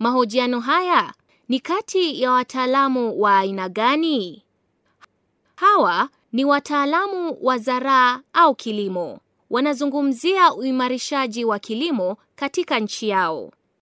Mahojiano haya ni kati ya wataalamu wa aina gani? Hawa ni wataalamu wa zaraa au kilimo. Wanazungumzia uimarishaji wa kilimo katika nchi yao.